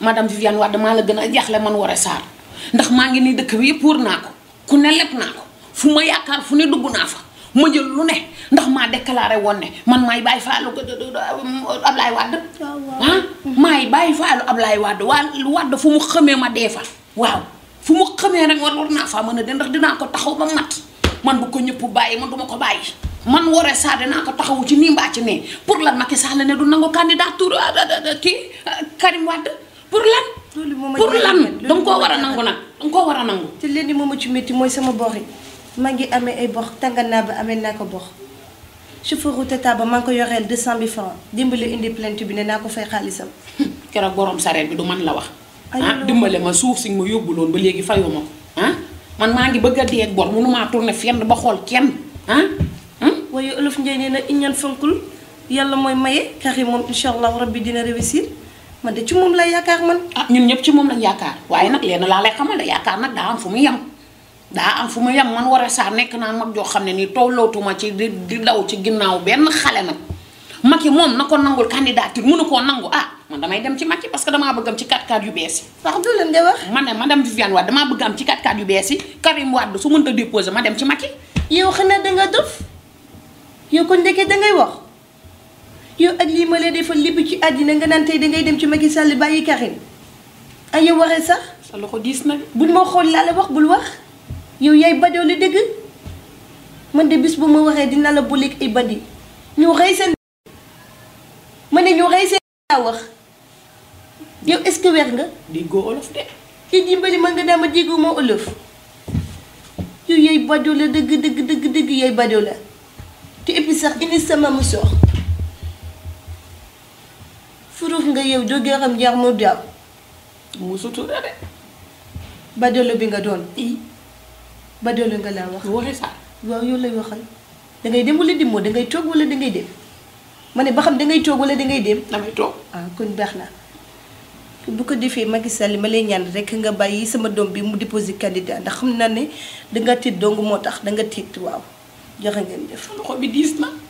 madame Viviane Wade maa la gën a jaaxle man Woré Sarr ndax maa ngi nii dëkk bi yëpp wër naa ko ku ne leb naa ko fu ma yaakaar fu ne dugg naa fa ma jël lu ne ndax maa déclaré woon man maay bàyyi faalu Ablaye Wade ah maay bàyyi faalu Ablaye Wade waa Wade fu mu xamee ma dee fa waaw fu mu xamee rek war war naa faa mën a de ndax dinaa ko taxaw ba mat man bu ko ñëpp bàyyi man duma ko bàyyi man Woré Sarr dinaa ko taxawu ci nii mbaa ci ne pour lan Macky Sall ne du nangu candidature ah, ah, ah, kii Karim Wade pour lan. loolu moom pour lan danga koo war a nangu nag danga koo war a nangu. te lenn moom a ci métti mooy sama bor yi maa ngi amee ay box bor naa ba amee naa ko box bor chauffeur Tata ba maa ngi de yoreel 200000 francs dimbali indi plainte bi ne naa ko fay xaalisam. keroog borom sareet bi du man la wax. ah dimbale ma suuf si ma yóbbu loon ba léegi fayu ma ko ah, man maa ngi bëgg a dee ak bor mënumaa tourné fenn ba xool kenn ah. ah? waaye olof Ndiaye nee na iñaan fonkul yàlla mooy maye Karim moom incha allah rabbi dina réussir. man de ci moom la yaakaar man. ah ñun ñëpp ci moom lañ yaakaar waaye nag leen laa lay xamal yaakaar nag daa am fu mu yem daa am fu mu yem man war a saa nekk naa mag joo xam ne nii tollootuma ci di di daw ci ginnaaw benn xale nag Macky moom na ko nangul candidature mënu koo nangu ah man damay dem ci Macky parce que damaa bëgg am ci 4x4 yu bees yi. wax dëgg la nga wax. man ne madame Viviane Wade damaa bëgg am ci 4x4 yu bees yi Karim Wade su mënta déposé ma dem nga def yow kon da ngay wax. yow ak lii ma lay defal lépp ci àddina nga naan tey dangay dem ci Macky Sall bàyyi Karim ak ah, yow waxee sax. sa loxo diis na. bul ma xool laa la wax bul wax yow yaay badoo la dëgg bu ma waxee dina la booleeg ay bandi ñu rey seen. ma ne ñu rey est-ce que nga. déggoo olof de. kii ma déggoo ma olof. yow yaay badoo la dëgg dëgg dëgg yaay badoo la te et puis sax indi sama mu sox nga yow jógee xam jar mu daw mu sutura de bi nga doon i badalo nga laa wax waxi sax waaw yow lay waxal dangay dem wala dimoo dangay toog wala dangay dem ma ne ba xam dangay toog wala dangay dem damay toog ah kon baax na bu ko defee Macky Sall ma lay ñaan rek nga bàyyi sama dom bi mu déposé candidat ndax xam naa ne danga tiit dong moo tax danga tiit waaw joxe ngeen loxo bi diis na